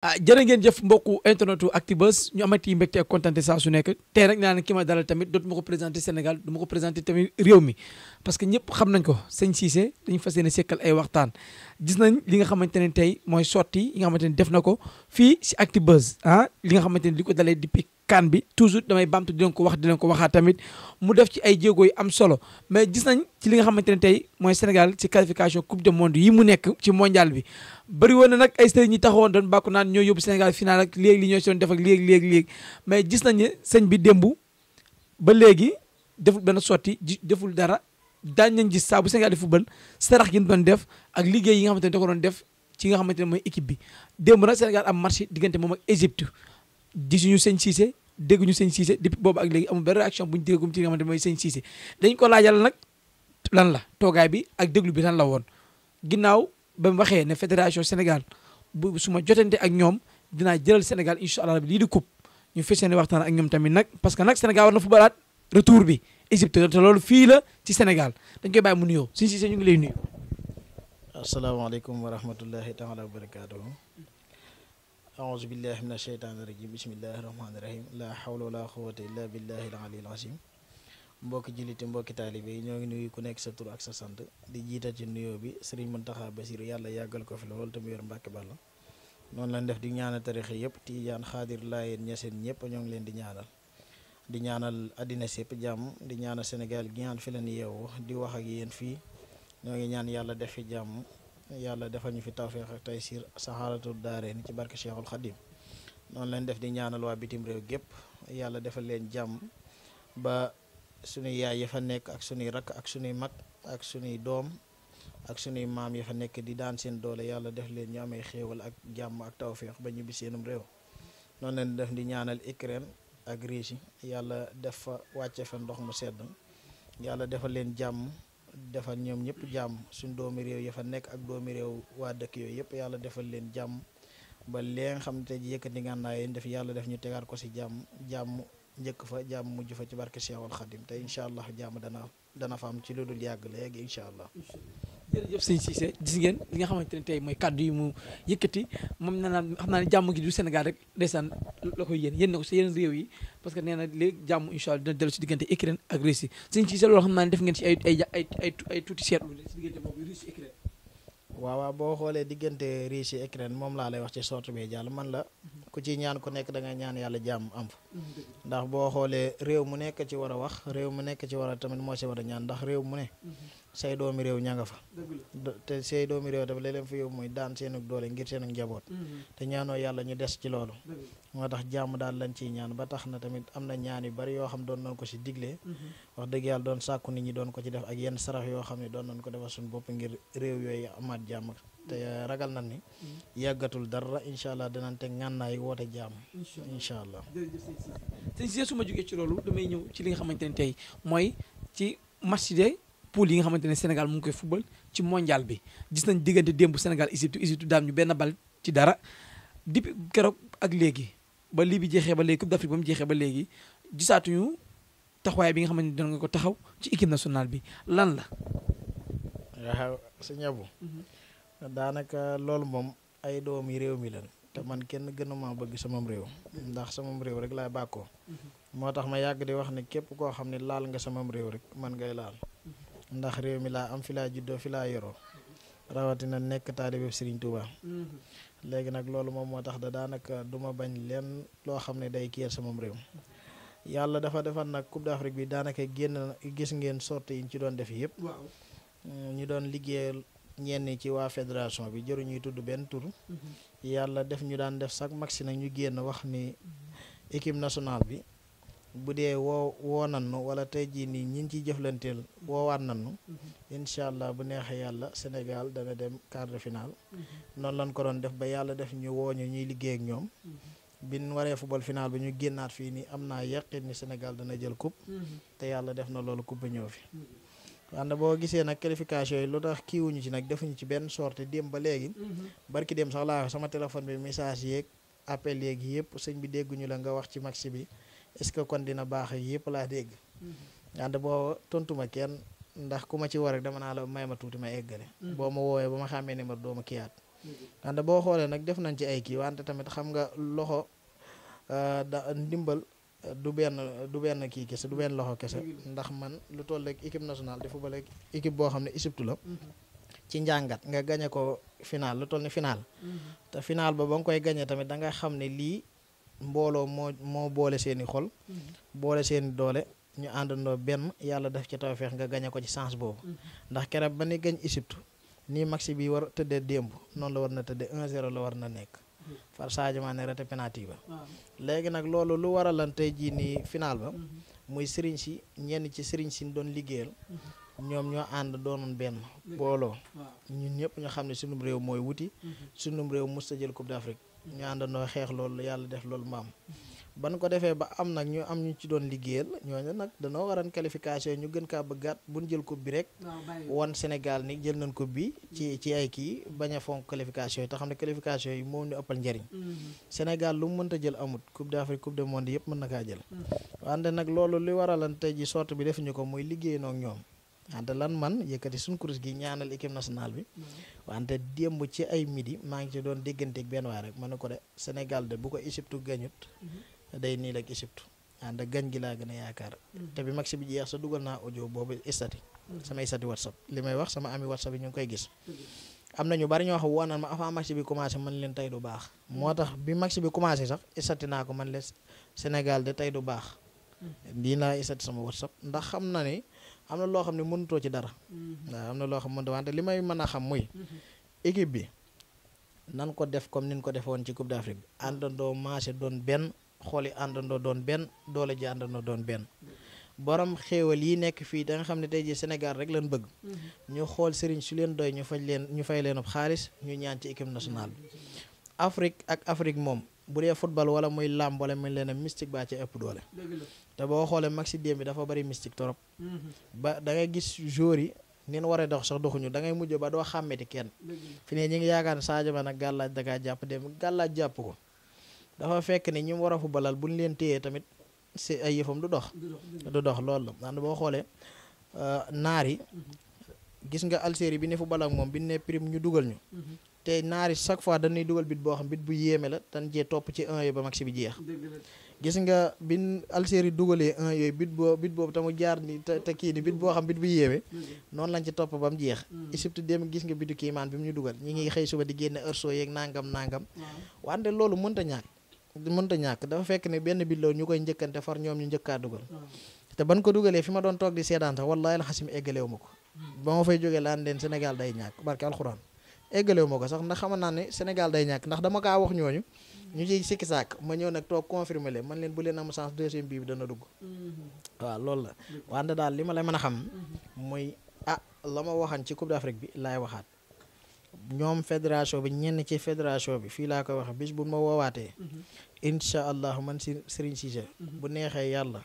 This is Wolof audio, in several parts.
ah jërë ngeen jëf mbokku internetu Actubuzz ñu amati mbégte ak kontante saa su nekk te rek naa ne kii ma dalal tamit dootuma ko présenté Sénégal du ko présenté tamit réew mi parce que ñëpp xam nañ ko sëñ Cissé dañu fa yéene sekkal ay waxtaan gis nañ li nga xamante ne tey mooy sotti yi nga xamante ne def na ko fii si Actubuzz ah li nga xamante ne li ko dalee di kan bi toujours damay bamtu dinañ ko wax dina ko waxaat tamit mu def ci ay jéego yu am solo mais gis nañ ci li nga xamante ne tey mooy Sénégal ci qualification coupe du monde yi mu nekk ci mondial bi bëri woon na nag ay sëriñ ñi taxawoon doon bàkku naan ñoo yóbbu Sénégal final ak léegi li ñoo si doon def ak léegi léegi mais gis nañ ne sëñ bi démb ba léegi deful benn sotti deful dara daañ nañ gis saa bu Sénégal di football sarax yi ñu def ak liggéey yi nga xamante ne da ko doon def ci nga xamante ne mooy équipe bi demb nag Sénégal am match diggante moom ak di gisuñu sëñ Cissé dégguñu sëñ Cissé depuis boobu ak léegi amul benn réaction bu ñu déggum mooy sëñ Cissé dañ ko laajal nag lan la toogaay bi ak déglu bi lan la woon ginnaaw ba waxee ne fédération Sénégal bu suma ma jotante ak ñoom dinaa jëlal Sénégal incha allah lii di coupe ñu fas yéene waxtaan ak ñoom tamit nag parce que nag Sénégal war na footballaat retour bi Égypte te loolu fii la ci Sénégal dañ koy bàyyi mu nuyoo sëñ Cissé ñu ngi lay nuyu. asalaamaaleykum wa rahmatullahi taala wa barakaatuhu أعوذ بالله من الشيطان الرجيم بسم الله الرحمن الرحيم لا حول ولا قوة إلا بالله العلي العظيم mbokki jullit mbokki taalibe yi ñoo ngi nuyu ku nekk sa tur ak sa sant di jiital ci nuyoo bi sëriñ Muntaxa Basiru yàlla yàggal ko fi lool te mu yor Mbàkke Bàlla noonu lañ def di ñaanal tarixa yëpp Tijaan Xaadir Laayeen Ñaseen ñëpp ñoo ngi leen di ñaanal di ñaanal àddina sépp jàmm di ñaanal Sénégal gi ñaan fi leen yeewu di wax ak yéen fii ñoo ngi ñaan yàlla def fi jàmm yàlla defal ñu fi tawféex ak tey siir saxaaratul daare ni ci barke Cheikhul Khadim noonu leen def di ñaanal waa bitim réew gépp yàlla defal leen jàmm ba suñuy yaay ya fa nekk ak suñuy rakk ak suñuy mag ak suñuy doom ak sunuy maam ya fa nekk di daan seen doole yàlla def leen ñu amee xéewal ak jàmm ak tawféex ba ñibbi seenum réew noonu leen def di ñaanal Ukraine ak Russie yàlla def fa wàcce fa ndox mu sedd yàlla defal leen jàmm defal ñoom ñëpp jàmm suñ doomi réew ya fa nekk ak doomi réew waa dëkk yooyu yëpp yàlla defal leen jàmm ba li nga xam te ji yëkkati ngànnaay yéen def yàlla def ñu tegaat ko si jàmm jàmm njëkk fa jàmm mujj fa ci barke Seexul Xadim te incha allah jàmm dana dana fa am ci lu dul yàgg léegi incha allah. jërëjëf sëñ Cissé gis ngeen li nga xamante ne tey mooy kàddu yi mu yëkkati moom nee naa xam naa ne jàmm gi du Sénégal rek ndeysaan la koy yéen yéen na ko si yeneen réew yi parce que nee na léegi jàmm incha allah dina dellu si diggante Ukraine ak Russie sëñ Cissé loolu ne def ngeen si ay ay ay ay waaw waaw boo xoolee diggante Russie Ukraine moom laa lay wax ci sorte bi jàll man la ku ci ñaan ku nekk da nga ñaan yàlla jàmm am fa ndax boo xoolee réew mu nekk ci war a wax réew mu nekk ci war a tamit moo ci war ñaan ndax réew mu ne mhm. say doomi réew ña fa te say doomi réew dafa leen fa yóbbu mooy daan seenug doole ngir seenug njaboot mm-hmm. te ñaanoo yàlla ñu des ci loolu moo tax jàmm daal lañ ciy ñaan ba tax na tamit am na ñaan yu bari yoo xam doon nañ ko ci digle mm-hmm. dëgg yàlla doon sàkku nit ñi doon ko ci def ak yenn sarax yoo xam ne doon nañ ko defal suñu bopp ngir réew yooyu amaat jàmm te ragal nañ ni mm-hmm. yàggatul dara incha allah dinañ te ngànnaay woote jàmm incha allah sëñ si su ma jógee ci loolu damay ñëw ci li nga xamante ne tey mooy ci masjid poule yi nga xamante ne Sénégal mu ngi koy football ci mondial bi gis nañ diggante démb Sénégal Égypte Égypte daam ñu benn bal ci dara depuis keroog ak léegi ba lii bi jeexee ba léegi Coupe d'Afrique ba mu jeexee ba léegi gisaatuñu taxawaay bi nga xamante ni dina nga ko taxaw ci équipe nationale bi lan la. waaw su ñëbu mhm. daanaka loolu moom ay doomi réew mi lan te man kenn gënuma bëgg sama réew mhm. ndax sama réew rek laay bàkkoo mhm. moo tax ma yàgg di wax ne képp koo xam ne laal nga samam réew rek man ngay laal ndax réew mi laa am fi laa juddoo fi laa yoro rawatina nekk taalibe Sëriñ Tuuba léegi nag loolu moom moo tax da daanaka du ma bañ leen loo xam ne day kiyal sama réew yàlla dafa defal nag Coupe d'Afrique bi daanaka génn gis ngeen sorte yi ci doon def yëpp mm, ñu doon liggéeyal ñenn ci waa fédération bi jëru tudd benn tur mhm. yàlla def ñu daan def sax maxi nag ñu génn wax ni équipe nationale bi bu dee woo woo nannu wala tey jii nii ñi ciy jëflanteel woowaat nannu mhm. incha allah bu neexee yàlla Sénégal dana dem quart de mhm. noonu lañ ko doon def ba yàlla def ñu woo ñuy liggéey ak ñoom mhm. bin waree football final bi ñu génnaat fii nii am naa yaqin ni Sénégal dana jël coupe te yàlla def na loolu coupe ñëw fi wante boo gisee nag qualification yi lu tax kiiwuñu ci nag defuñu ci benn sorte démb ba léegi barki démb sax laa sama téléphone bi message yeeg appel yeeg yëpp sëñ bi dégguñu la nga wax ci match bi est-ce que kon dina baax yëpp laa dégg wante booba tontu tontuma kenn ndax ku ma ci war rek dama naa la may ma tuuti ma eggale mm-hmm. boo ma woowee ba ma xàmmee numéro doo ma kiyaat wante mm-hmm. boo xoolee nag def nañ ci ay kii wante tamit xam nga loxo euh, da ndimbal euh, du benn du benn kii kese du benn loxo kese mm-hmm. ndax man lu toll rek équipe nationale di football ak équipe boo xam ne Égypte la ci njàngat nga gañe ko final lu toll ni final te final ba ba nga koy gañe tamit da mbooloo moo moo boole seeni xol mm-hmm. boole seeni doole ñu àndandoo benn yàlla def ci feex nga gañe ko ci sens boobu mm-hmm. ndax keroog ba ni gañ Égypte nii maxi bi war tëdde démb noonu la war na tëddee 1-0 la war na nekk mm-hmm. far Sadio Mané raté penalty ba léegi nag loolu lu waralan tey jii nii final ba muy sëriñ si ñenn ci sëriñ si doon liggéeyal ñoom ñoo ànd doon benn mbooloo ñun ñëpp ñu xam ne sunum réew mooy wuti sunum réew musta jël Coupe d'Afrique ñu àndandoo xeex loolu yàlla def loolu maam ban ko defee ba am nag ñu am ñu ci doon liggéeyal ñooñu nag danoo waran qualification ñu gën kaa bëggaat buñ jël coupe bi rek wan Sénégal ni jël nañ coupe bi ci ci ay kii bañ a fonk qualification yi te xam ne qualification yi moom ñu ëppal njëriñ mm-hmm. Sénégal lu mu mënta jël amut coupe d'Afrique coupe du monde yëpp mën na kaa jël mm-hmm. wante nag loolu li waralante ji sorte bi defuñu ko muy liggéey noog ñoom wante lan man yëkkati suñ kuréel gi ñaanal équipe nationale bi mm-hmm. wante démb ci ay midi maa ngi ci doon dégganteeg benn waay rek ma ne ko de Sénégal de bu ko Égypte gañut mm-hmm. day niil ak Égypte wante gañ gi laa gën a yaakaar mm-hmm. te bi match bi jeex sa dugal naa audio boobu istati sama istati whatsapp li may wax sama ami whatsapp yi ñu ngi koy gis am na ñu bari ñoo xam woonaan ma avant match bi commencé man leen tey du baax moo tax bi match bi commencé sax istati naa ko man leen Sénégal de tey du baax lii naa istati sama whatsapp ndax xam na ni am na loo xam ne mënutoo ci dara. Mm-hmm. waaw am na loo xam mënut wante li may man a xam muy. Mm-hmm. équipe bi nan ko def comme nin ko defoon ci Coupe d'Afrique bi àndandoo marché doon benn xooli àndandoo doon benn doole ji àndandoo doon benn. borom xéewal yi nekk fii da xam ne tey ji senegal rek lañ bëgg mm-hmm. ñu xool sëriñ su leen doy ñu faj leen ñu fay leen xaalis ñu ñaan ci équipe nationale bi Afrique ak Afrique moom bu dee football wala muy làmb wala muy leen a mystique te boo xoolee maxi démb bi dafa bari mystique trop. Mhm. ba da ngay gis jour yi ni war a dox sax doxuñu da ngay mujj ba doo xàmmeti kenn. fi ne ñu ngi yaakaar ne Sadio Mané nag gàllaaj da kaa jàpp dem gàllaaj jàpp ko dafa fekk ni ñu war a fubalal buñ leen téyee tamit si ay yëfam du dox. du dox loolu la boo xoolee euh, naar yi. Mhm. gis nga Algérie bi ne football ak moom bi ne prime ñu dugal ñu. Mhm. te naari chaque fois dañuy dugal bit boo xam bit bu yéeme la dañ cee topp ci bi jeex. gis nga bin Algérie dugalee un yooyu bit boo bit boobu tamu jaar nii te te kii ni bit boo xam bit bu yéeme mm-hmm. noonu lañ ci topp ba mu jeex mm-hmm. Égypte dem gis nga bitu kiimaan bi mu ñu dugal ñi ngi xëy suba di génne heurso yeeg nangam nangam mm-hmm. wante loolu mënta ñàkk mënta ñàkk dafa fekk ne benn bit la ñu koy njëkkante far ñoom ñu njëkkaa dugal te ban ko dugalee fi ma doon toog di seedaan sax wallaahi alxasim eggalewu ma ko ba ma fay jógee laan leen senegal day ñàkk barke alxuraan eggalewu ma ko sax ndax xaman naa ne Sénégal day ñàkk ndax dama kaa wax ñooñu ñu ciy sikki sàkk ma ñëw nag toog confirmer leen man leen bu leen am sens deuxième bii bi dana dugg. Mm-hmm. waaw loolu la. Mm-hmm. wante daal li ma lay mën a xam. Mm-hmm. mooy ah la ma waxan ci Coupe d'Afrique bi laay waxaat. ñoom fédération bi ñenn ci fédération bi fii laa koy wax bis bu ma woowaatee. incha allah man si Serigne Cissé. bu neexee yàlla.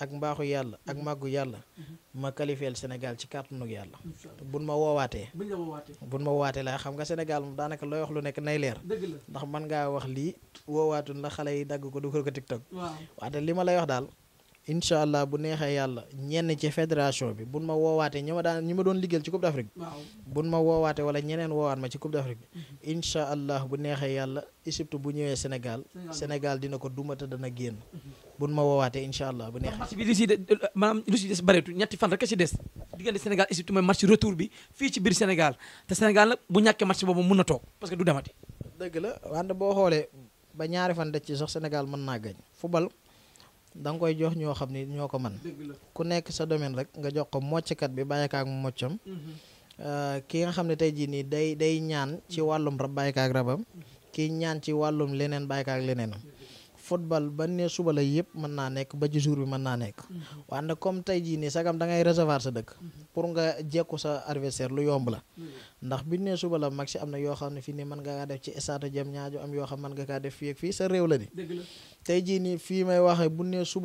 ak mbaaxu yàlla ak mhm. màggu yàlla mhm. ma qualifié Sénégal ci kàttanug yàlla buñ ma woowaatee buñ ma woowaatee laa xam nga Sénégal daanaka looy wax lu nekk nay leer ndax mën ngaa wax lii woowaatun la xale yi dagg ko dugal ko TikTok waaye li ma lay wax daal incha allah bu neexee yàlla ñenn ci fédération bi buñ ma woowaatee ñi ma daan ñi ma doon liggéeyal ci Coupe d'Afrique ma woowaatee ñeneen woowaat ma ci Coupe d'Afrique bi mhm. bu neexee yàlla Égypte bu ñëwee Sénégal Sénégal dina ko dumata dana génn buñ ma woowaatee incha allah bu neexee. match lu si des bëreetu ñetti fan rek a si des diggante Sénégal et surtout match retour bi fii ci biir Sénégal te Sénégal nag bu ñàkkee match boobu mun na toog parce que du demati. dëgg la wante boo xoolee ba ñaari fan daj ci sax Sénégal mën naa gañ football da nga koy jox ñoo xam ni ñoo ko mën ku nekk sa domaine rek nga jox ko mocckat bi bàyyikaak moccam mhm. euh, ki nga xam ne tey jii nii day day ñaan ci wàllum rab bàyyikaak rabam mhm. kii ñaan ci wàllum leneen bàyyikaak leneenam football ba ne suba la yëpp mën naa nekk ba ci jour bi mën naa nekk. Mm-hmm. waaye nag comme tey jii nii sagam da ngay recevoir sa dëkk. Mm-hmm. pour nga jekku sa adversaire lu yomb la. Mm-hmm. ndax bi ne suba la mag si am na yoo xam ne fii nii mën nga kaa def ci stade jam sa réew la di. tey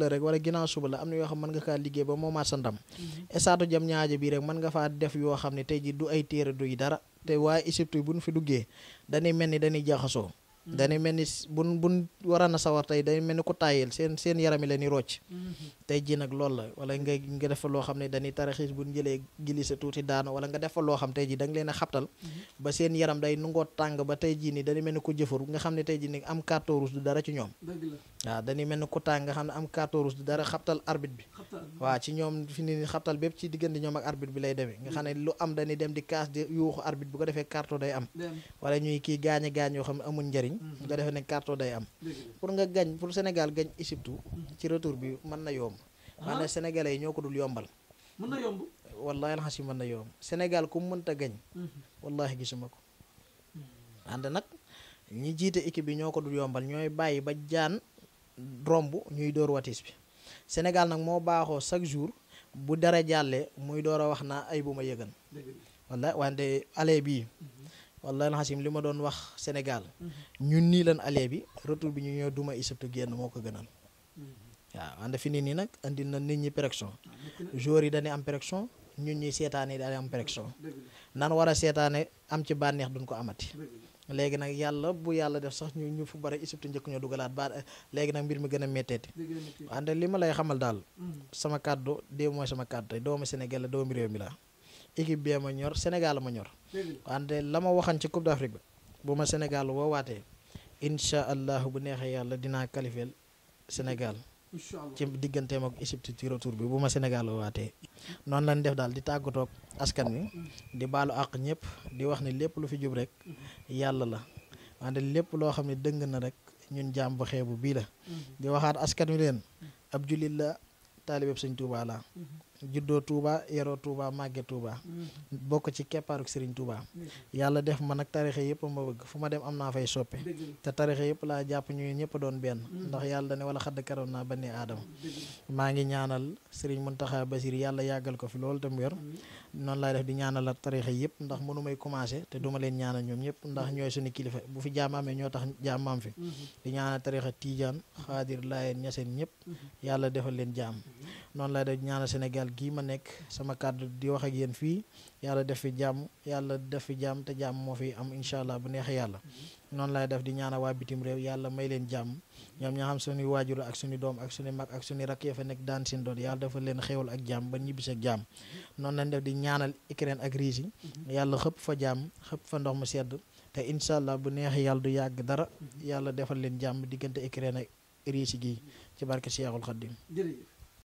la rek wala ginnaaw suba la am na yoo xam mën nga kaa liggéey ba moomaat sa ndam. stade jam ñaajo bii rek mën nga faa def yoo xam ne tey jii du ay téere du yi dara te waa Égypte bu ñu fi duggee dañuy mel ni dañuy jaxasoo dañuy mel ni buñ buñ waraan a sawar tey dañuy mel ni ku tàyyil seen seen yaram yi la ñuy rocc. Mm-hmm. tey jii nag loolu la wala nga nga defal loo xam ne dañuy taraxiis bu jëlee gilisa tuuti daanu wala nga defal loo xam tey jii da leen a xabtal. Mm-hmm. ba seen yaram day nungoo tàng ba tey jii nii dañuy mel ni ku jëfur nga xam ne tey jii nii am carton rouge du dara ci ñoom. waaw dañuy mel ni ku tàng nga xam ne am carton rouge du dara xabtal arbitre bi. waaw ci ñoom fi ni xabtal bépp ci diggante ñoom ak arbitre bi lay demee nga xam ne lu am dañuy dem di kaas di yuuxu arbitre bu ko defee carton day kii gaañe gaañ yoo xam ne amuñ njariñ gañ nga defee ne carton day am pour nga gañ pour Sénégal gañ Égypte ci retour bi mën na yomb ah. maanaam sénégalais yi ñoo ko dul yombal mën na yomb wallahi alxasi mën na yomb Sénégal ku mënta gañ mhm. wallahi gisuma ko ànd nag ñi jiite équipe bi ñoo ko dul yombal ñooy bàyyi ba jaan romb ñuy dóor watis bi Sénégal nag moo baaxoo chaque jour bu dara jàllee muy door a wax naa ay bu ma yëgan walla wante ale bii mhm. wallahi alxasim li ma doon wax Sénégal mhm. ñun nii lan aller bi retour bi ñu ñëw duma Égypte génn moo ko gënal mhm. waaw ànd fi nit nii nag indi na nit ñi pression ah, jour yi dañuy am pression ñun ñuy seetaane yi dañuy am pression nan war a seetaane am ci bànneex duñ ko amati léegi nag yàlla bu yàlla def sax ñu ñu fu bari Égypte njëkk ñoo dugalaat ba léegi nag mbir mi gën a métteeti wante li ma lay xamal daal mhm. sama kàddu dee mooy sama kàddu tey doomu Sénégal la doomu réew équipe bee ma ñor Sénégal ma ñor. wante la ma waxan ci Coupe d'Afrique ba bu ma Sénégal woowaatee incha allah bu neexee yàlla dinaa qualifier Sénégal. ci digganteem ak Égypte ci retour bi bu ma Sénégal waatee noonu lañ def daal di tàggatoog askan wi di baalu àq ñëpp di wax ne lépp lu fi jub rek yàlla la wante lépp loo xam ne dëng na rek ñun jàmm bu xeebu bii la mhm. di waxaat askan wi leen ab jullit la taalibeb Sëñ Tuubaa juddoo Touba yaroo Touba màgge Touba. Mm-hmm. bokk ci keppaaruk Serigne Touba. Mm-hmm. yàlla def ma nag tarixe yëpp ma bëgg fu ma dem am naa fay soppe. te tarixe yëpp laa jàpp ñu ñëpp doon benn. Mm-hmm. ndax yàlla ne walla xadd karam naa ba ne aadama. maa ngi ñaanal Serigne Mountakha Basir yàlla yàggal ko fi loolu tam wér. noonu laay def di ñaanal tarixa yëpp ndax mënu may commencé te duma leen ñaanal ñoom ñëpp ndax ñooy suñu kilifa bu fi jaam ñoo tax jaam am fi mhm. di ñaanal tarixa tiijaan xaadir laayeen ñaseen ñëpp mhm. yàlla defal leen jaam mhm. noonu laay def di ñaanal Sénégal gii ma nekk sama kàddu di wax ak yéen fii yàlla def fi jàmm yàlla def fi jàmm te jàmm moo fi am incha allah bu neexee yàlla mm-hmm. noonu laay def di ñaana waa bitim réew yàlla may leen jàmm ñoom ñoo xam suñuy waajur ak suñu doom ak suñu mag ak suñu rakk ya fa nekk daan seen doon yàlla dafa leen xéewal ak jàmm ba ñibbis jàmm mm-hmm. noonu lañ def di ñaanal Ukraine ak Russie mm-hmm. yàlla xëpp fa jàmm xëpp fa ndox mu sedd te incha allah bu neex yàlla du yàgg dara yàlla defal leen jàmm diggante Ukraine ak riisi gi ci barke Seexul Xaddim